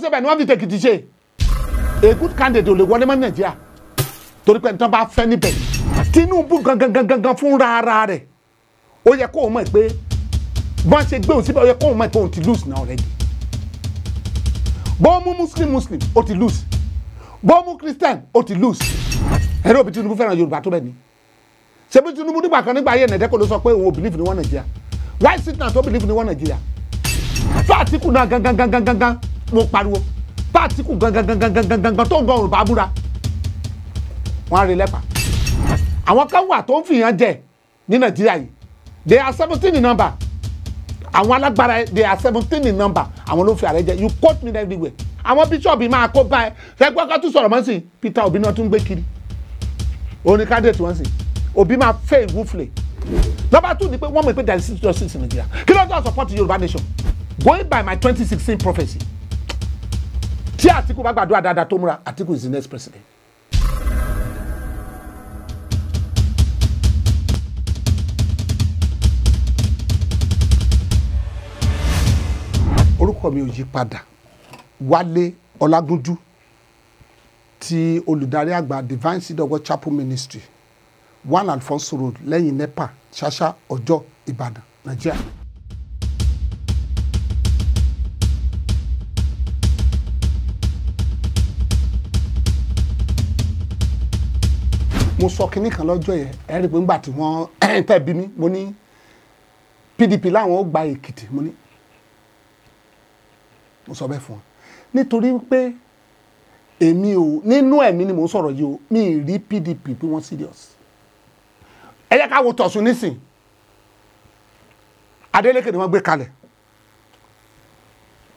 kọ́kọ́ ṣe bẹ́ẹ̀ ni wọ́n fi tèkìtì ṣe a good candidate ò lè wọlé mọ́ nàìjíríà torí pé nǹkan bá fẹ́ níbẹ̀ tinubu gangan gangan fúnra ara rẹ̀ ó yẹ kó o mọ̀ pé bọ́n ṣe gbé òun síbẹ̀ ó yẹ kó o mọ̀ pé òun ti lose now already bọ́n mú muslim muslim ó ti lose bọ́n mú christian ó ti lose ẹ̀rọ òbí tinubu fẹ́ràn yorùbá tó bẹ́ẹ̀ ni ṣebí tinubu nígbà kan nígbà ayé ẹ̀nẹ́dẹ́kọ̀ ló sọ pé òun ò believe ní wọn nàìjíríà why sit down tó believe ní wọn nàìjíríà fún àtìkù náà gangan gangan gangan mo pariwo bá àtìkù gangan gangan gangan tó gan òrùbá búra wọn á rí lẹ́pà àwọn kan wà tó ń fìyàn jẹ ní nàìjíríà yìí they are seventeen in number àwọn alágbára they are seventeen in number àwọn ló fi ààrẹ jẹ you quote me everywhere àwọn bíṣọ̀bù máa kó bá ẹ fẹ́gbẹ́ ká tún sọ̀rọ̀ mọ́ sí Peter Obi náà tún gbé kiri oní candidate wọn sì Obi máa fẹ́ ìwúflẹ̀ number two ni pé wọ́n mọ̀ pé there is six to six in Nigeria kí ló dé support Yorùbá nation going by my twenty sixteen prophecy tí Àtìkù bá gbàdúrà dáadáa tó múra Àtìkù is the next president. orúkọ mi ò yí padà Wálé Ọlágúnjú ti olùdarí àgbà Divine Seed of God Chapel Ministry one Alfonso Road lẹ́yìn NEPA ṣáṣá ọjọ́ Ìbàdàn Nàìjíríà. mo sọ kinní kan lọ́jọ́ yẹn ẹ rí i pé ńgbà tí wọ́n tẹ̀ bí mi mo ní PDP láwọn ó gba Èkìtì mo ní mo sọ bẹ́ẹ̀ fún wọn nítorí pé èmi ò nínú ẹ̀mí ni mò ń sọ̀rọ̀ yìí o mi ì rí PDP bí wọ́n serious ẹ yẹ ká wo tọ̀sùn nísìn Adeleke ni wọ́n gbé kalẹ̀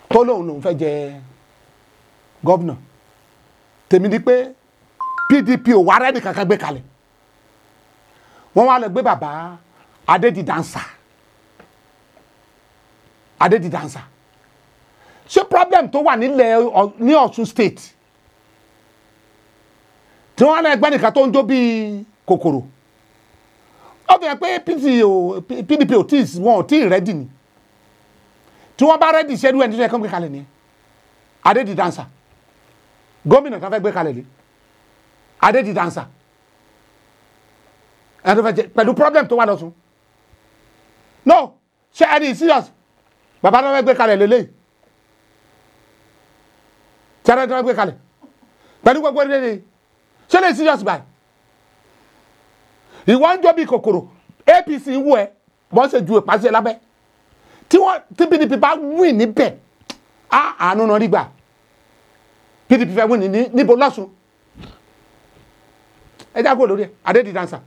tó lóun lòun fẹ́ jẹ gọ́vnà tèmi ni pé PDP ò wá rẹ́nì kankan gbé kalẹ̀ wọ́n wá lọ gbé bàbá Adédìdansà Adédìdansà ṣé problem tó wà nílẹ̀ ní Ọ̀ṣun state tí wọ́n lọ ẹgbẹ́ nìkan tó ń jó bíi kòkòrò ó fi hàn pé PDP ò tí wọn ò tí ì rẹ́dì ni tí wọ́n bá rẹ́dì ṣẹ́dú ẹni tó yẹ kó gbé kalẹ̀ ni Adédìdansà gómìnà kan fẹ́ gbé kalẹ̀ ni. Adé did answer ẹni fẹ́ jẹ pẹ̀lú problem tó wà lọ́tún no ṣe ẹni serious bàbá náà fẹ́ gbé kalẹ̀ lélẹ́yìí tí ẹni náà gbé kalẹ̀ pẹ̀lú gbogbo ẹni lélẹ́yìí ṣe lè serious báyìí ìwọ ń jó bí kòkòrò APC wù ẹ bọ́n ṣe ju ìpàṣẹ lábẹ́ tí wọ́n tí PDP bá win níbẹ̀ á àánú náà rí gbà PDP fẹ́ win ní níbo lọ́sùn ẹ já kúrò lórí ẹ adédi dansa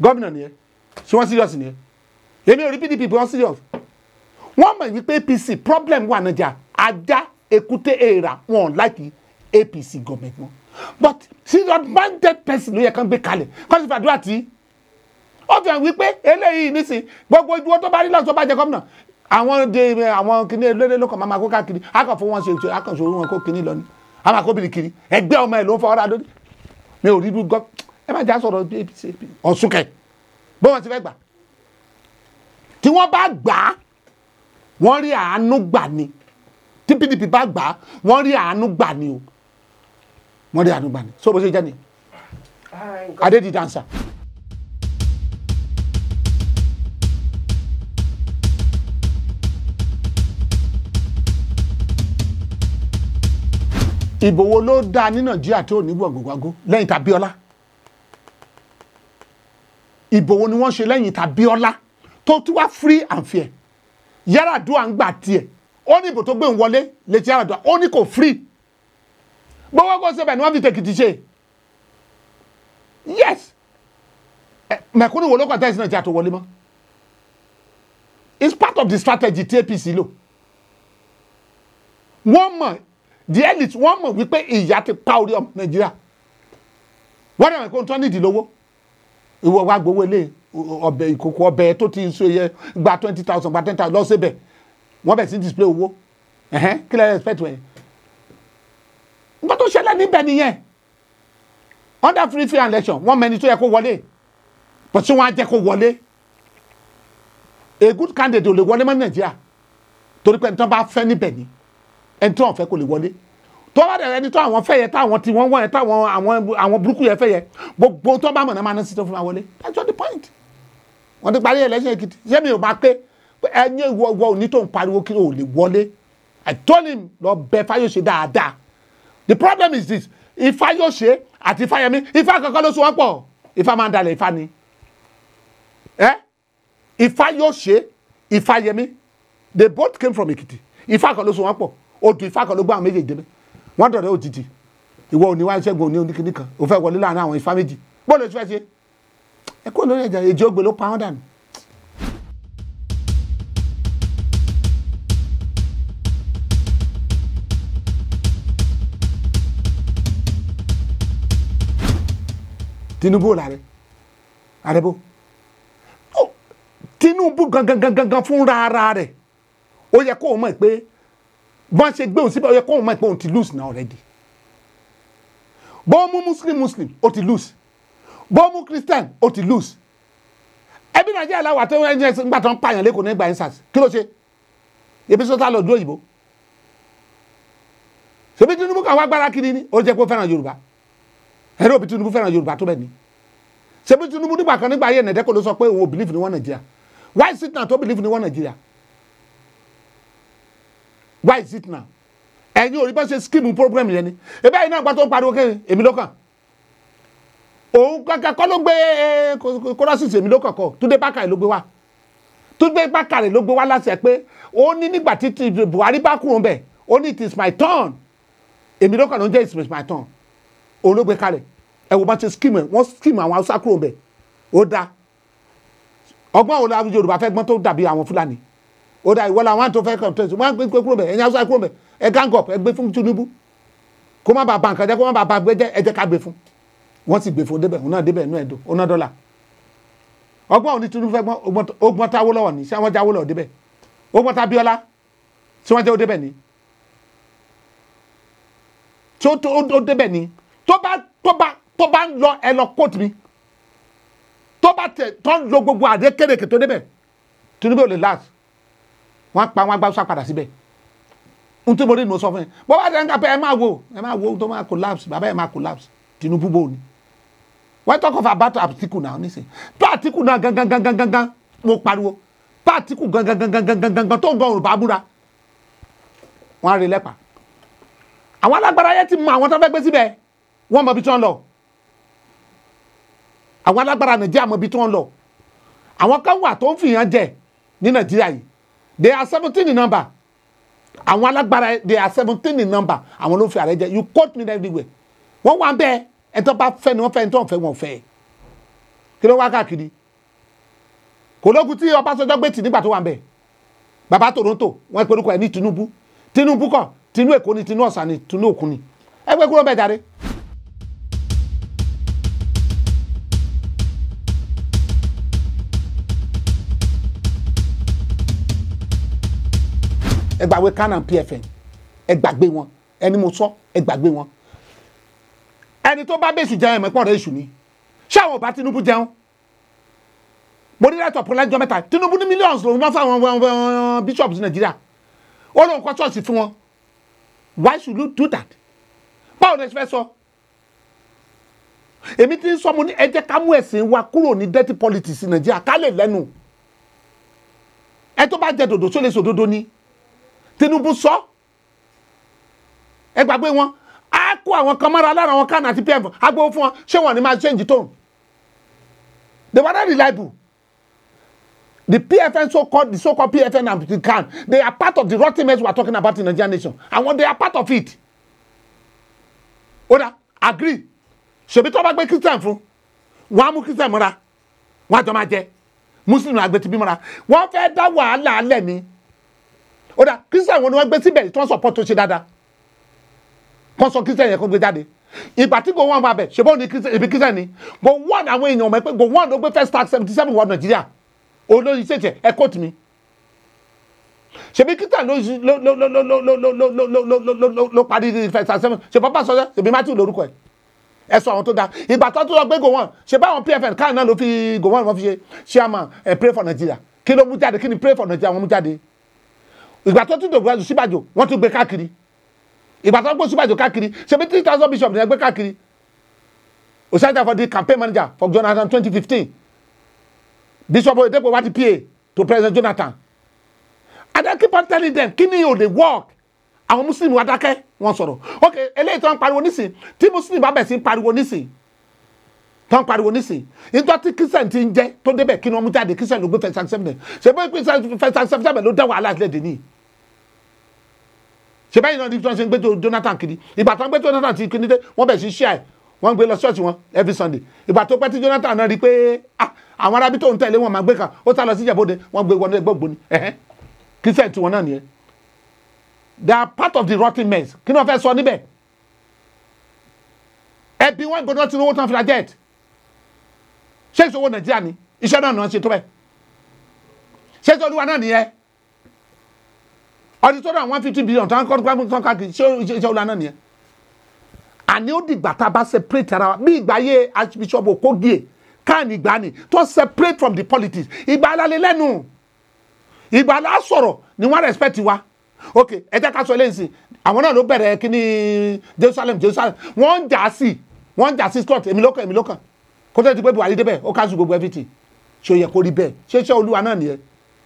gómìnà nìyẹn ṣé wọ́n serious nìyẹn èmi ò rí pdp bí wọ́n serious wọ́n mọ̀ wípé apc problem wà nàjà ajá èkúté èèrà wọn láti apc gọọmenti mọ́ but serious minded person ló yẹ kán gbé kalẹ̀ kọ́sí fàdúrà tí ó fi hàn wípé eléyìí nísìn gbogbo ojú tó bá rí lọ́sọ̀ bá jẹ gómìnà àwọn de àwọn kìnìún eléré ló kàn máa kó káàkiri akànfò wọn ṣe àkànṣe wọn kó kìnìún lọ ni àmàkóbìnrin kiri ẹgbẹ́ ọmọ ẹ̀ ló ń fọ ọ́ra lórí mi ò rí irú gọ́ ẹ má já sọ̀rọ̀ apc ọ̀ṣunkẹ̀ bó wọn ti fẹ́ gbà tí wọ́n bá gbà á wọ́n rí àánú gbà ni tí pdp bá gbà á wọ́n rí àánú gbà ni o wọ́n rí àánú gbà ni so bó ṣe jẹ́ ni adé di dancer. ìbò wo ló dáa ní nàìjíríà tí ò ní gbọ̀ngbọ̀ngbọ̀ lẹ́yìn tàbíọ́lá ìbò wo ni wọ́n ṣe lẹ́yìn tàbíọ́lá tó ti wá free and fair Yar'Adua ń gbà tiẹ̀ ó ní ìbò tó gbé ń wọlé létí Yar'Adua ó ní kò free gbogbo ọgbọ́n sẹ́bẹ̀ ni wọ́n fi tèkìtì ṣe yes mẹ̀kúnnù wo ló kọ́ tẹ́sí nàìjíríà tó wọlé mọ́ it's part of the strategy tí APC lò wọ́n mọ̀ the elite wọ́n mọ̀ wípé ìyá ti pa orí ọmọ nàìjíríà wọ́n dàbí kó ń tán nídìí lówó ìwọ wa gbowó ilé ọbẹ̀ ìkòkò ọbẹ̀ tó ti ń so yẹ gba twenty thousand gba ten thousand lọ síbẹ̀ wọ́n bẹ̀ sí display owó kí lẹ́yìn expect wẹ̀ nǹkan tó ṣẹlẹ̀ níbẹ̀ nìyẹn under free free election wọ́n mẹ́ni tó yẹ kó wọlé pọ̀ tí wọ́n á jẹ́ kó wọlé a good candidate ò lè wọlé mọ́ nàìjíríà torí pé nǹkan bá fẹ́ níbẹ̀ ni ẹni tí wọ́n fẹ́ kò lè wọlé tó bá dẹ̀rẹ̀ ẹni tó àwọn fẹ́ yẹ táwọn tí wọ́n wọ̀nyẹ táwọn àwọn burúkú yẹ fẹ́ yẹ gbogbo tó bá mọ̀nà máa ná sí tó fún wa wọlé that's not the point wọ́n ti parí election Èkìtì ṣé mi ò máa pé ẹni ìwọ ìwọ òní tó ń pariwo kí o lè wọlé I told him lọ bẹ Fáyọ̀ṣe dáadáa the problem is this Ifáyọ̀ṣe àti Ifáyẹmí Ifá kankan ló so wọ́n pọ̀ Ifá máa ń dalẹ̀ Ifá ni ẹ eh? Ifáyọ̀ṣe Ifáyẹmí they both came from Èkìtì Ifá kan ló so wọ́n pọ̀ odù ifá kan ló gbọ́ àwọn méjèèjì débẹ̀ wọ́n dọ̀rẹ́ òjijì ìwọ òní wá ìṣẹ́gun òní oníkíní kan ò fẹ́ wọlé láàrin àwọn ifá méjì bó lè fẹ́ ṣe ẹ kó lórí ẹ̀jẹ̀ èjì ògbè ló pa wọ́n dànù. Tinubu ò láre àrẹ́bó Tinubu gangan gangan fúnra ara rẹ̀ ó yẹ kó o mọ̀ pé wọ́n ṣe gbé òun síbẹ̀ ó yẹ kóun mọ̀ pé òun ti lose now already bọ́ọ̀ mú muslim muslim ó ti lose bọ́ọ̀ mú christian ó ti lose ẹbí nàìjíríà làwọn àti ẹni ẹni ńgbà tó ń pààyàn lẹ́kọ̀ọ́ nígbà yẹn sars kí ló ṣe ebi sọ́tà lọ dúró òyìnbó ṣebí tinubu kan wá gbára kiri ni ó jẹ́ pé ó fẹ́ràn yorùbá ẹ̀rọ òbí tinubu fẹ́ràn yorùbá tó bẹ́ẹ̀ ni ṣebí tinubu nígbà kan nígbà ayé ẹ̀nẹ́dẹ́kọ̀ ló sọ pé òun ò bìlífù ní wọn nàìjíríà why sit down tó bìlífù ní wọn nàìjíríà why is it now ẹ̀yin ò rí bá ṣe skimu program yẹn ni ebe ẹ̀yin náà gba tó ń pariwo kí èmi ló kàn òun kankan kọ́ ló gbé eh, kórasìsì èmi ló kàn kọ́ túndé bákàrẹ̀ ló gbé wá túndé bákàrẹ̀ ló gbé wá láṣẹ pé ó ní nígbà tí buhari bá kúrò ń bẹ̀ ó ní it is my turn èmi ló kàn ló ń jẹ́ it is my turn òun ló gbé kalẹ̀ ẹ wo bá ṣe skimu ẹ wọ́n skimu àwọn haúsá kúrò ń bẹ̀ ó dáa ọgbọ́n wo la yorùbá fẹ́ gbọ́n tó dàbí àwọn fúlàní ó dà ìwọ́lá wọn tó fẹ́ kọ̀ọ̀tẹ́sì wọn gbé kúrò bẹ̀ ẹ̀yin haúsá kúrò bẹ̀ ẹ gángọ̀ ẹ gbé fún Tinubu kó má bàa ba nǹkan jẹ́ kó má bàa ba gbé jẹ́ ẹ jẹ́ ká gbé fún wọ́n sì gbé fún débẹ̀ òun náà débẹ̀ inú ẹ̀ dùn òun náà dọ́là ọgbọ́n òní Tinubu fẹ́ gbọ́n táwó lọ́wọ́ ni ṣé wọ́n jáwó lọ́wọ́ débẹ̀ ọgbọ́n tábíọ́lá ṣé wọ́n jẹ́ ó débẹ̀ ni tí ó tó débẹ̀ ni tó bá tó bá tó bá ń lọ ẹ lọ kóòtù mi tó bá tẹ̀ tó ń lo gbogbo àdékèrèkè tó débẹ̀ Tinubu ò lè láti wọ́n pa wọ́n agbáwọ́sá padà síbẹ̀ ohun tí mo rí ni mo sọ fún yẹn bó bá dẹ́n kápẹ́ ẹ máa wo ẹ máa wo tó máa collapse bàbá ẹ máa collapse Tinubu bò ni wọ́n talk of about Atiku náà nísìn tó Atiku náà gangan gangan gangan mo pariwo tó Atiku gangan gangan gangan gangan tó ń gan òrùba búra wọ́n á rí lẹ́pàá àwọn alágbára yẹn ti mọ àwọn tó fẹ́ gbé síbẹ̀ wọ́n mọ ibi tí wọ́n lọ àwọn alágbára Nàìjíríà mọ ibi tí wọ́n lọ àwọn kan wà tó ń fìyàn jẹ ní Nàìjíríà yìí they are seventeen in number àwọn alágbára they are seventeen in number àwọn ló ń fi ààrẹ jẹ you quote me everywhere wọ́n wá bẹ́ẹ̀ ẹni tó bá fẹ́ ni wọ́n fẹ́ ẹni tó ń fẹ́ wọn fẹ́ kí ló wá káàkiri kò lókun tí Ọbásanjọ́ gbé tì nígbà tó wà ń bẹ̀ bàbá Toronto wọ́n pe orúkọ ẹ̀ ní Tinubu Tinubu kọ́ tinú Èkó ni tinú Ọ̀sà ni tinú Òkun ni ẹ kúrò bẹ́ẹ̀ jáde. ẹ gbàgbé Canon PFN ẹ gbàgbé wọn ẹni mo sọ ẹ gbàgbé wọn ẹni tó bá bẹ́sù jẹun ẹ̀mọ́ pọ̀ rẹ̀ èṣù ni ṣé àwọn ò bá Tinubu jẹun mo ní lẹ́tọ̀ pọ̀ lẹ́jọ́ mẹ́ta Tinubu ní millions lòun máa fáwọn bishops Nàìjíríà ó lóun kọ́ ṣọ́ọ̀ṣì fún wọn why should you do that báwo ni ẹ ṣe fẹ́ sọ èmi ti ń sọ mo ní ẹ jẹ́ ká mú ẹ̀sìn wa kúrò ní dirty politics Nàìjíríà ká lè lẹ́nu ẹ tó bá jẹ dòdò tó lè sòdodo ni. Tinubu sọ ẹ gbàgbé wọn á kó àwọn kan mọ́ra lára àwọn kan àti pm agbó fún wọn ṣé wọn ni máa change tone they were not reliable the pfn so called the so called pfn and the can they are part of the rotten mess we are talking about in Nigerian nation and when they are part of it oda agree ṣèbí tó bá gbé Christian fún wọn á mú Christian mọ́ra wọn àjọ máa jẹ Muslim àgbẹ̀ ti bí mọ́ra wọn fẹ́ dá wàhálà alẹ́ ni ó dà christian wọn ni wọ́n gbé síbẹ̀ tí wọ́n support tó ṣe dáadáa kọ́ sọ christian yẹn kó gbé jáde ìgbà tí gowon wà bẹ̀ ṣe bọ́ ni ibi christian ni gowon àwọn èèyàn mọ̀ pé gowon ló gbé first tax seventy seven wọ nàìjíríà olórí ṣèṣẹ ẹ kóòtù mi ṣebí christian ló ló parí first tax seven ṣe pápá sọ ṣebí matthew lórúkọ ẹ̀ ẹ sọ àwọn tó da ìgbà tó tó lọ gbé gowon ṣe báwọn pfn káà náà ló fi gowon wọn fi ṣe chairman ẹ pray for nigeria kí ló mú jáde kí ni pray for nigeria wọn mú jáde ìgbà tó tún dògbò Ọ̀ṣínbàjò wọ́n tún gbé káàkiri ìgbà tó ń gbé Ọ̀ṣínbàjò káàkiri ṣebí three thousand bishops bishop nìyẹn gbé káàkiri Oṣínbàjò for the campaign manager for Jonathan twenty fifteen bishop oyedepo wá di PA to President Jonathan and I keep on telling them kí ni o dey work àwọn muslim wa dákẹ́ wọ́n sọ̀rọ̀ ok eléyìí tó ń pariwo nísìn tí muslim bá bẹ̀ sí ń pariwo nísìn tán pariwo nísìnyí nítorí tí christian ti ń jẹ́ tó débẹ̀ kí ni wọ́n mú jáde christian ló gbé fẹsán sẹ́mìnà ṣe bó fẹsán sẹ́mìnà ló dá wàhálà sílẹ̀ dé ní. ṣe báyìí náà ní tí wọ́n ṣe ń gbé jonathan kiri ìgbà tó ń gbé jonathan ti kiri dé wọ́n bẹ̀ sí ṣíà ẹ̀ wọ́n ń gbé lọ ṣọ́ọ̀ṣì wọn every sunday ìgbà tó pẹ́ tí jonathan náà rí i pé ah, àwọn arábí tó ń tẹ̀lé wọn máa gbé kan ó sá lọ sí ìjàbọ̀dẹ wọ́n gbé wọn gbogbo ni christian tiwọn náà nìyẹn they are part of the rotten men kí ni wọ́n fẹ́ sọ níbẹ̀ ẹbí wọn gbọdọ̀ tí owó tán fi ra jet ṣé ìṣòwò nàìjíríà ni iṣẹ́ náà náà ṣe tó bẹ́ẹ̀ ṣé ìṣòwò olúwa náà nìyẹn ọdún tó dà one fifty billion tó ń kọ́ tó ń kọ́ kiri ṣé ìṣòwò olúwa náà nìyẹn àní ó dìgbà tá a bá separate ara wa bí ìgbà yé archbishop okogie káàní ìgbà ni tó separate from the politics ìgbà alálẹ́ lẹ́nu ìgbà alá sọ̀rọ̀ ni wọ́n respect wa ok ẹ jẹ́ ká sọ eléyìí sí àwọn náà ló bẹ̀rẹ̀ kí ni Jerusalem Jerusalem wọ́n ń jà sí wọ́n ń jà sí scott èmi ló èmi ló kó tó ti pé buhari débẹ̀ ó cancel gbogbo everything ṣé ó yẹ kó rí bẹ́ẹ̀ ṣé iṣẹ́ olúwa náà nìyẹn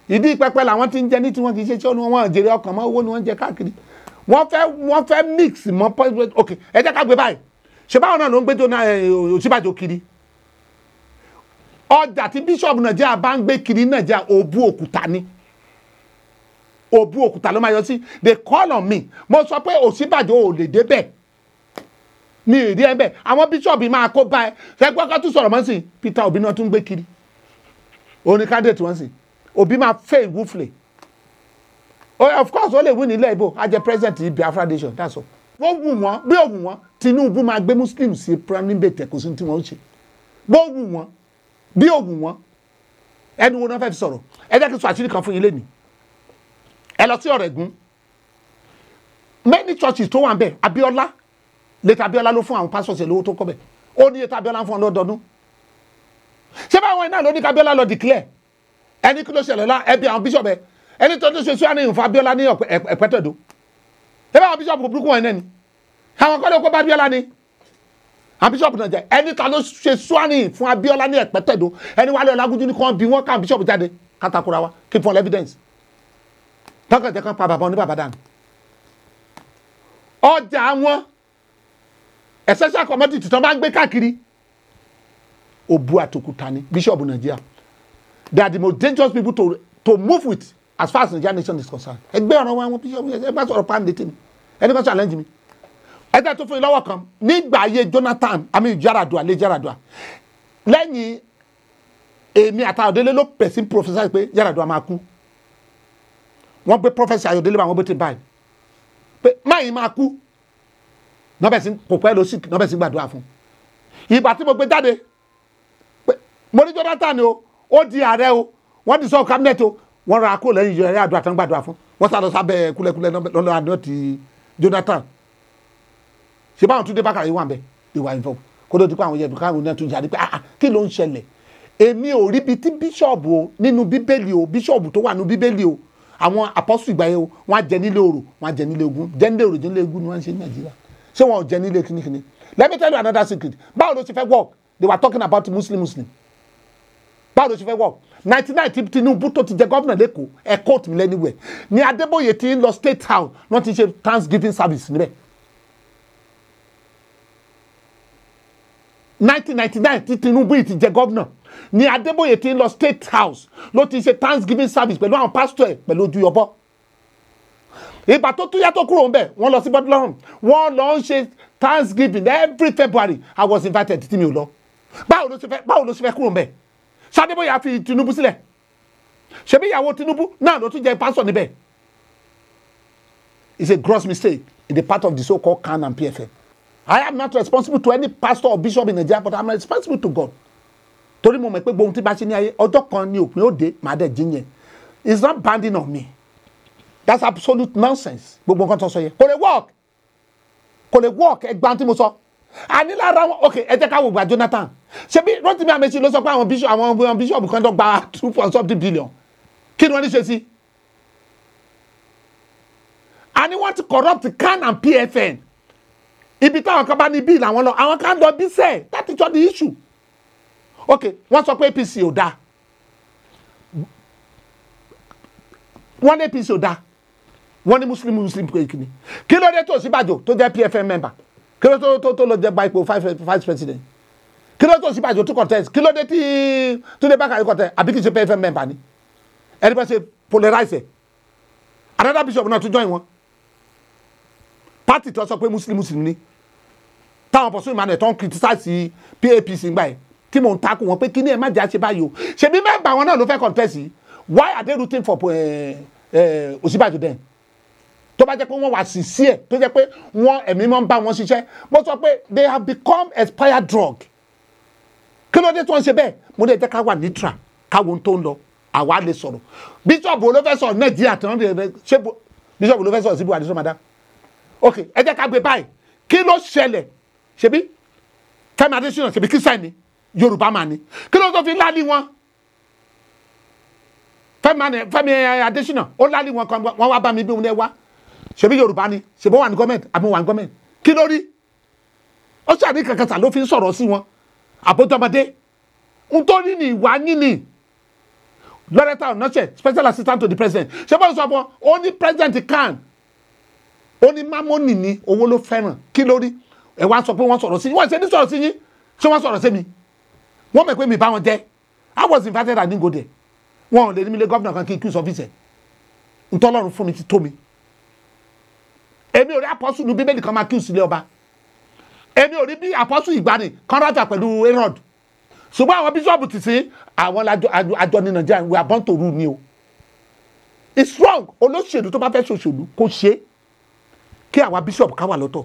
ìdí pẹpẹ làwọn ti ń jẹ ní tiwọn kì í ṣe iṣẹ́ olúwa wọn jèrè ọkàn mọ́ owó ni wọ́n jẹ káàkiri wọ́n fẹ́ wọ́n fẹ́ mix mọ́ pọ́sibẹ́tì ok ẹ jẹ́ ká gbé báyìí ṣe báwọn náà ló ń gbé tó Ọ̀ṣínbàjò kiri ọjà tí bíṣọ̀bù nàìjíríà bá ń gbé kiri nàìjíríà òbu òkúta ni òbu òkúta ló máa yọ sí they call on me mo sọ pé Ọ̀ṣínbàjò ò lè débẹ̀ mi ì rí ẹ bẹ́ẹ̀ àwọn bíṣọ̀bù máa kó bá ẹ fẹ́gbẹ́ ká tún sọ̀rọ̀ mọ́ sí Peter Obi náà tún gbé kiri òní candidate wọn sì Obi máa fẹ́ ìwúflẹ̀ oh, of course ó lè win nílẹ̀ ibo á jẹ́ president Biafra nation that's all wọ́n wù wọ́n bí ó wù wọ́n Tinubu máa gbé Muslim sí pranibete kò sí tí wọ́n ń ṣe bó wù wọ́n bí ó wù wọ́n ẹnu wo náà fẹ́ fi sọ̀rọ̀ ẹ jẹ́ kí n sọ àṣírí kan fún yín lẹ́nu ẹ lọ sí Ọ̀rẹ́gùn many churches tó wà ń bẹ̀ Abiola lẹ́tà abiola ló fún àwọn pastors ẹ̀ lówó tó kọ́ bẹ̀ ó ní lẹ́tà abiola ń fún ọ lọ́dọọdún ṣé báwọn iná ló ní kábíọ́lá lọ declare ẹni kí ló ṣẹlẹ̀ lá ẹbí àwọn bíṣọ̀bù ẹ ẹni tó ń ṣe sùúrù àníyàn fún abiola ní ẹ̀pẹ́tẹ̀dó ṣé báwọn bíṣọ̀bù burúkú wọn ní àwọn kọ́lé kó bá abiola ní àwọn bíṣọ̀bù náà jẹ ẹni ta ló ṣe sùúrù àníyàn fún abiola ní ẹ̀pẹ́tẹ̀dó ẹni wàá lọ lágúnjú ní kàn bí wọn káwọn bíṣọ̀bù jáde kátakura wa kí fún ọ evidence tọkàtẹ kan pa bàbá oníbàbá dànù ọjà wọn essential commodity tó máa ń gbé káàkiri òbu àtòkúta ni bishop Nigeria they are the most dangerous people to to move with as far as Nigeria nation is concerned ẹgbẹ́ ọ̀rọ̀ wọn bishop ẹ bá sọ̀rọ̀ pan mi ẹni bá challenge mi ẹgbẹ́ tó fún mi lọ́wọ́ kan nígbà ayé Jonathan àmì Jaradua lé Jaradua lẹ́yìn èmi àtàwọn délé ló pèsè prophesy pé Yaradua máa kú wọ́n gbé prophesy Ayọ̀délé bá wọn bó ti báyìí pé máyì máa kú nọ́bẹ̀sí kò pẹ́ ló sì nọ́bẹ̀sí gbàdúrà fún ìgbà tí mo gbé jáde mo ní Jonathan o ó di ààrẹ o wọ́n ti sọ cabinet o wọ́n ra kó lẹ́yìn ìyọ̀rẹ́ àdúrà tán gbàdúrà fún wọ́n sá lọ sábẹ́ kúlẹ̀kúlẹ̀ lọ́nà àdúrà ti Jonathan ṣe báwọn Túndé Bákàrè wà bẹ́ẹ̀ ìwà ìfọ̀ kó ló ti pa àwọn yẹ̀dùn káwọn náà tún jáde pé ah, ah kí ló ń ṣẹlẹ̀ èmi ò rí bíi tí bíṣọ̀bù o nínú bíbélì o bíṣọ̀bù tó wà nínú bíbélì o àwọn apọ́sù ìgbà yẹn o wọ́n á jẹ nílé orò wọ́n á jẹ nílé ogun jẹ nílé orò jẹ nílé ogun ni wọ́n á ṣe ní Nàìjíríà ṣé wọn ò jẹ nílé kìnnìkìnnì let me tell you another secret báwo ló ṣe fẹ́ work they were talking about muslim muslim báwo ló ṣe fẹ́ work ninety nine ti tinubu tó ti jẹ gómìnà lẹ́kọ̀ọ́ ẹ̀ court mi lẹ́niwẹ̀ ni adébóyè ti ń lọ state town wọ́n ti ṣe thanksgiving service níbẹ̀. nineteen ninety nine ti tinubu ti jẹ gómìnà ni adébóyè ti ń lọ state house ló ti ṣe thanksgiving service pẹ̀lú àwọn pastor ẹ̀ pẹ̀lú ojú yọbọ ìgbà tó tún yàtọ̀ kúrò ńbẹ̀ wọ́n lọ sí Bethlehem wọ́n lọ ń ṣe thanksgiving every February I was invited tí mi ò lọ báwo ló ṣe fẹ́ báwo ló ṣe fẹ́ kúrò ńbẹ̀ Ṣadébóyè fi Tinubu sílẹ̀ ṣebí ìyàwó Tinubu náà ló tún jẹ pásọ̀ níbẹ̀ it's a gross mistake in the part of the so-called CAN and PFM I am not responsible to any pastor or bishop in Nigeria but I am responsible to God torí mo mọ̀ pé gbohun tí bá ṣe ní ayé ọjọ́ kan ni òpin ó dé màá dẹ̀ jíyẹn it's not binding on me that's absolute nonsense gbogbo nǹkan tó ń sọ yẹn kò lè work kò lè work ẹgbà tí mo sọ àní lára wọn ok ẹ jẹ́ ká wò gba Jonathan ṣebí Rotimi Amechi ló sọ pé àwọn bishop àwọn bishop kan tó gba two point something billion kí ni wọ́n ní ṣe sí àní wọ́n ti corrupt CAN and PFN ibi táwọn kan bá ní bíi làwọn lọ àwọn kan lọ bí sẹ́ẹ̀ that is not the issue ok wọ́n sọ pé APC ò dáa wọ́n ní APC ò dáa wọ́n ní muslim muslim kéèkì ni kí ló dé tó Ọ̀ṣínbàjò tó jẹ́ PFM member kí ló tó tó tó lọ jẹ gba ipò vice president kí ló tó Ọ̀ṣínbàjò tó contest kí ló dé tí Túndé Bákàrè contest àbí kì í ṣe PFM member ni ẹni bá ṣe polarize ẹ another bishop náà tún join wọn party tó sọ pé muslim muslim ni táwọn pọ̀ sún ìmọ̀ràn ẹ̀ tó ń criticize PAPC ń gbà ẹ̀ tí mò ń takò wọn pé kí ni ẹ má jẹ́ àṣẹ báyìí o ṣèbí mẹ́mbà wọn náà ló fẹ́ contest yìí why are they rooting for Ọ̀ṣínbàjò eh, eh, then tó bá jẹ́ pé wọ́n wà sincere tó jẹ́ pé wọ́n ẹ̀mí máa ń bá wọn ṣiṣẹ́ mo sọ pé they have become expired drug kí ló dé tí wọ́n ṣe bẹ́ẹ̀ mo lè jẹ́ ká wà nítra káwọn tó ń lọ àwa lè sọ̀rọ̀ bíṣọ̀bù olófẹ́sọ̀ nàìjíríà tó ń rẹ̀ ṣé bíṣọ̀bù olófẹ́sọ̀ síbi wà ní sọ́madá ok ẹ jẹ́ ká gbé báyìí kí ló ṣẹlẹ̀ ṣebí Kẹ́mi Adésínà ṣebí kírísítà ni Yorùbá máa ni kí ló tó fi láàlì wọn Fẹ́mi Adésínà ó láàlì wọn kan wọn wá bá mi bí wọn lẹ wá ṣebí yorùbá ni ṣebí wà ní gọ́ọ̀mẹ̀ntì àbí wà ní gọ́ọ̀mẹ̀ntì kí ló rí ó ṣàní kàkàtà ló fi ń sọ̀rọ̀ sí wọn àbótọ́mọdé ń tó ní ní ìwà yín ni lọ́rẹ́ta ọ̀nàṣẹ́ special assistant to the president ṣé bá ń ó ní president kan ó ní mámọ́nì ni owó ló fẹ́ràn kí ló rí ẹ wá sọ pé wọ́n sọ̀rọ̀ sí yín wọ́n ṣe ní sọ̀rọ̀ sí yín ṣé wọ́n sọ̀rọ̀ sí mi wọ́n mọ̀ pé mi bá wọn jẹ́ I was invited I didn't wọn ò lè ní mi lé gómìnà kan kí n kí n sọ èmi ò rí apọ́sùlù bíbélì kan máa kí òsìlẹ̀ ọba èmi ò rí bí apọ́sù ìgbani kan rájà pẹ̀lú herod ṣùgbọ́n àwọn bíṣọ́ọ̀bù ti sí àwọn àjọ ní nàìjíríà we are born to rule ni o it's wrong olóṣèlú tó bá fẹ́ ṣòṣèlú kó ṣe kí àwọn bíṣọ́ọ̀bù ká wà lọ́tọ̀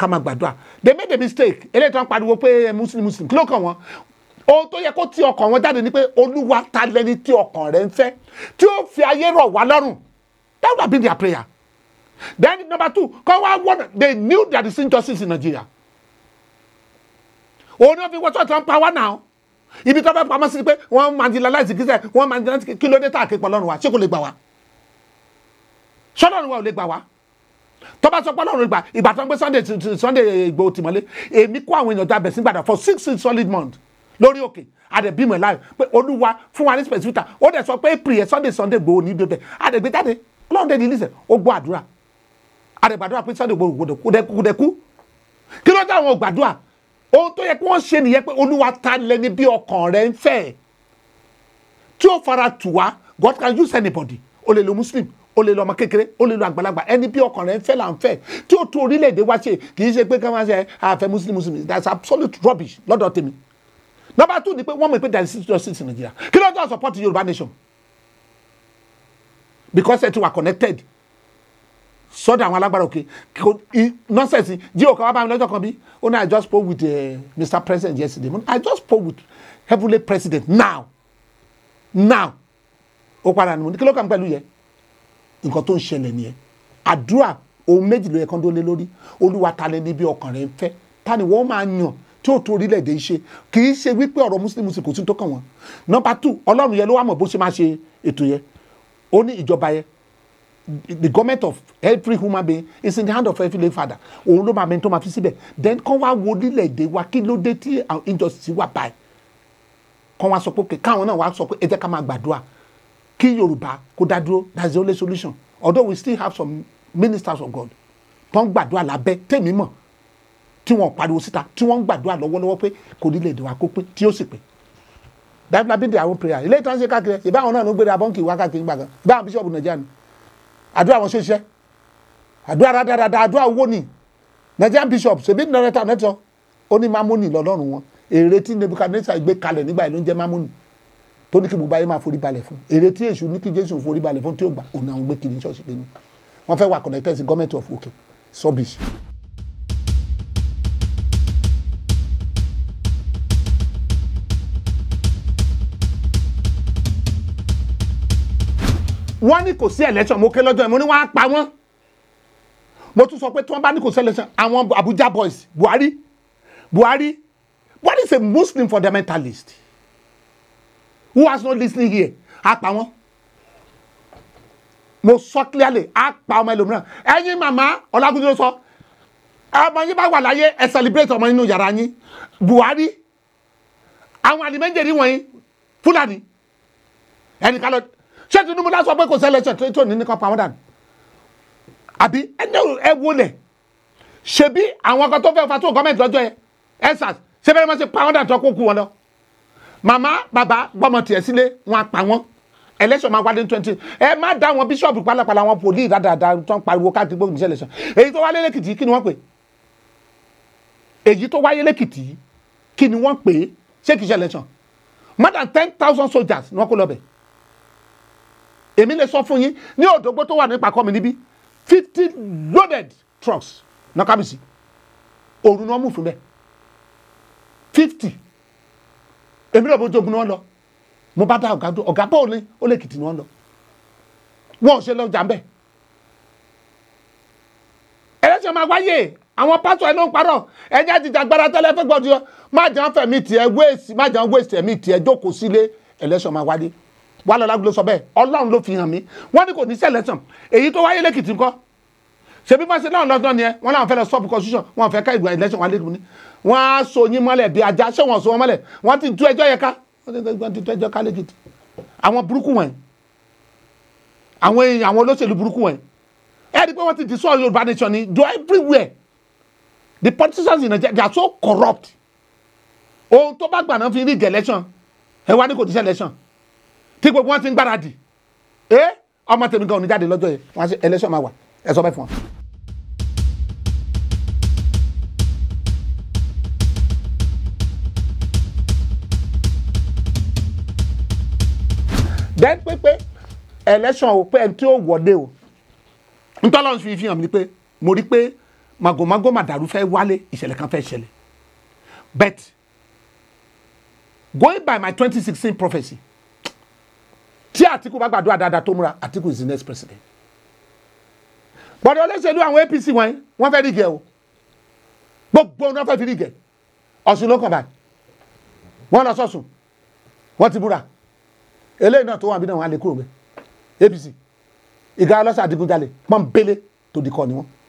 ká máa gbàdúrà they made a mistake eléyìí tó ń pariwo pé muslim muslim kí ló kàn wọ́n ohun tó yẹ kó ti ọkàn wọn jáde ni pé olúwa ta lẹni tí ọkàn rẹ ń fẹ́ tí ó fi ayé rọ̀ wá lọ́rùn that would have been Then number two, Kowa won. They knew that the injustice in Nigeria. Òun náà fi wọ́tọ̀ tó ń power now. If you tó fẹ́ pamọ́ one pé lies, marginalize kìsẹ̀ wọ́n marginalize kí ló dé tá àkékpọ̀ lọ́rùn wa ṣé kò lè gbà wa ò lè gbà wá? Tó bá sọ pé Sunday Sunday Igboho tìmọ́lé èmi kó àwọn èèyàn tó abẹ̀ sí gbàdá for six solid months lórí òkè àdẹ̀bímọ láàyò pé Olúwa fún wa ní spẹ̀sìfìtà ó dẹ̀ sọ pé April Sunday Sunday Igboho ní dòdẹ̀ àdẹ̀gbẹ́jáde Ọlọ́run dẹ̀ ní ilé ìsẹ̀ ó gbọ́ àdúrà àdẹ̀gbàdúrà pé Sunday Igboho gbọdọ̀ kúdẹ́kú kúdẹ́kú kí ló dé àwọn gbàdúrà ohun tó yẹ kí wọ́n ṣe nìyẹn pé olúwa ta lẹni bí ọkàn rẹ̀ ń fẹ́ tí ó fara tù wá God can use anybody o lè lo muslim o lè lo ọmọ kékeré o lè lo àgbàlagbà ẹni bí ọkàn rẹ̀ ń fẹ́ là ń fẹ́ tí ó tún orílẹ̀-èdè wá ṣe kì í ṣe pé káwọn ṣe àfẹ́ muslim muslim that's absolute rubbish lọ́dọ̀ tèmi number two ni pé wọ́n mọ̀ pé there is justice in Nigeria kí ló dé support Yorùbá nation because ẹ ti wà connected sọ́dọ̀ àwọn alágbára òkè nọ́sẹ̀sì jí òkà wá bá mi lọ́jọ́ kan bí ó ní i just spoke with uh, eh, Mr. President yesterday i just spoke with heavenly president now now ó padà nù kí ló kàn pẹ̀lú yẹ nǹkan tó ń ṣẹlẹ̀ nìyẹn àdúrà ohun méjì ló yẹ kán dólé lórí olúwa ta lẹni bí ọkàn rẹ ń fẹ́ ta ni wọ́n máa yàn tí ó tó orílẹ̀-èdè ṣe kì í ṣe wípé ọ̀rọ̀ mùsùlùmí kò sí tó kàn wọ́n nọ́mbà two ọlọ́run yẹn ló wà mọ̀ bó ṣe máa ṣe ètò yẹn ó ní ìjọba yẹn the government of every human being is in the hand of every father òun ló máa mẹ́ni tó máa fi síbẹ̀ then kán wá wo nílẹ̀ èdè wa kí ló dé tí àwọn injustice wà báyìí kán wá sọ pé káwọn náà wá sọ pé ẹ jẹ́ ká máa gbàdúrà kí Yorùbá kó dá dúró is the only solution although we still have some ministers of God tó ń gbàdúrà lábẹ́ tèmi mọ̀ tí wọ́n pariwo síta tí wọ́n ń gbàdúrà lọ́wọ́lọ́wọ́ pé kò nílẹ̀ èdè wa kó pé tí ó sì pé dábìlà bíi àwọn prayer ilé ìtàn ṣe káàkiri ìbáwọn náà ló gbéra bọ́ǹkì wá káàkiri gbàgán báwọn bíṣọ̀bù Nàìjíríà ni àdúrà wọn ṣe iṣẹ́ àdúrà rádaràda àdúrà owó ni Nigerian bishop ṣèbí nọrẹta nẹtọ ó ní mamoni lọ́lọ́run wọn èrè tí Nebuchadnezzar gbé kalẹ̀ nígbà yìí ló ń jẹ́ mamoni tó ní kí gbogbo ayé máa forí balẹ̀ fún èrè tí èṣù ní kí Jésù forí balẹ̀ fún tí ó gbà òun àwọn gbé kiri ṣọ́ọ̀ṣì lẹ́nu wọ́n fẹ́ wà connected sí gọ́ọ̀mẹ̀ntì of òkè sọ́bìṣì. wọ́n ní kò sí election mo ké lọ́jọ́ yẹn mo ní wọ́n á pa wọ́n mo tún sọ pé tí wọ́n bá ní kò sí election àwọn Abuja boys Buhari Buhari what is a Muslim fundamentalist who has not listening here á pa wọ́n mo sọ clearly á pa ọmọ ẹlòmíràn ẹ̀yin màmá Ọlágúnjú ló sọ ọmọ yín bá wà láyé ẹ celebrate ọmọ inú yàrá yín Buhari àwọn àlìmẹ́jẹ̀rí wọ̀nyí Fúlàní ẹnìkan lọ ṣé Tinubu lásán pé kò ṣẹlẹ̀ ṣe tó ní nìkan pa wọ́n dànù àbí ẹ wọlé ṣebí àwọn kan tó fẹ́ fa tó gọ́ọ̀mẹ̀ntì lọ́jọ́ yẹn ensas ṣé bẹ́ẹ̀ ni wọ́n ṣe pa wọ́n dànù tó kó kú wọn lọ màmá bàbá gbọ́mọ tiẹ̀ sílé wọn á pa wọn election máa wáyé twenty ẹ má dá wọn bíṣọ̀bù pálapàla wọn pòlì dáadáa tó ń pariwo káàkiri gbóhùn ìṣẹ̀lẹ̀ sàn èyí tó wáyé lẹ́kìtì kí ni wọ́n pè èyí tó wáyé lẹ́kìtì kí ni wọ́n pè ṣé kìí ṣẹlẹ̀ sàn more than ten thousand soldiers ni wọ́n kó lọ bẹ̀ èmi lè sọ fún yín ní òdògbó tó wà ní pàkọ́ mi níbí fifty loaded trucks náà kábíyèsí òru ni wọ́n mú fún bẹ́ẹ̀ fifty èmi lọ́ọ́ bójú ogun ni wọ́n lọ mo bá dá ọ̀gá dúró ọ̀gá bọ́ọ̀ ni ó lè kìtì ni wọ́n lọ wọn ò ṣe lọ jà ń bẹ̀ ẹlẹ́sìn máa wáyé àwọn pásọ ẹ̀ ló ń parọ́ ẹ̀yìn àjìjàgbara tẹ́lẹ̀ fẹ́ gbọ́dọ̀ má jẹun fẹ̀mí tiẹ̀ wéèsì má jẹun wéèsì ẹ̀mí tiẹ̀ jókòó sílé ẹlẹ́sìn máa wáyé wàhálà lágbo ló sọ bẹ́ẹ̀ ọlọ́run ló fi hàn mí wọ́n ní kò ní sẹ́lẹ̀sàn èyí tó wáyé lẹ́kìtì ńkọ́ ṣebí fásitì náà lọ́dún ni ẹ wọ́n láwọn fẹ́ lọ stop constitution wọ́n fẹ́ ká ìgbà election wálé ní wọ́n á so yín mọ́lẹ̀ bí ajá ṣé wọ́n so wọn mọ́lẹ̀ wọ́n ti tú ẹjọ́ yẹn ká wọ́n ti tú ẹjọ́ ká lẹ́kìtì àwọn burúkú wọ̀nyí àwọn èèyàn àwọn olóṣèlú i pé wọ́n the politicians in Nigeria are so corrupt ohun tó bá gbà náà fi rí ìgẹ̀ election tí gbogbo wọn ti ń gbáradì ẹ ọmọ tèmi gan ò ní jáde lọ́jọ́ yẹn wọn á ṣe ẹlẹ́sọ̀ máa wà ẹ sọ bẹ́ẹ̀ fún wọn. then pépé election o pé ẹni tí ó wọlé o ntọ́lọ́run fi fi hàn mí pé mo rí pé màgòmágó màdàrú fẹ́ wálé ìṣẹ̀lẹ̀ kan fẹ́ ṣẹlẹ̀ but going by my twenty sixteen prophecy tí atiku bá gbàdúrà dáadáa tó múra Àtìkù is the next president bọ̀dọ̀ olóṣèlú àwọn APC wọ̀nyí wọ́n fẹ́ rígẹ̀ o gbogbo wọn fẹ́ fi rígẹ̀ Ọ̀ṣun ló kàn báyìí wọ́n lọ sọ́sùn wọ́n ti búra eléyìí náà tó wà bí náà wọ́n kúrò mẹ́ APC ìgá ọlọ́sà adigunjalè pọ́nbélé tó di ni wọ́n.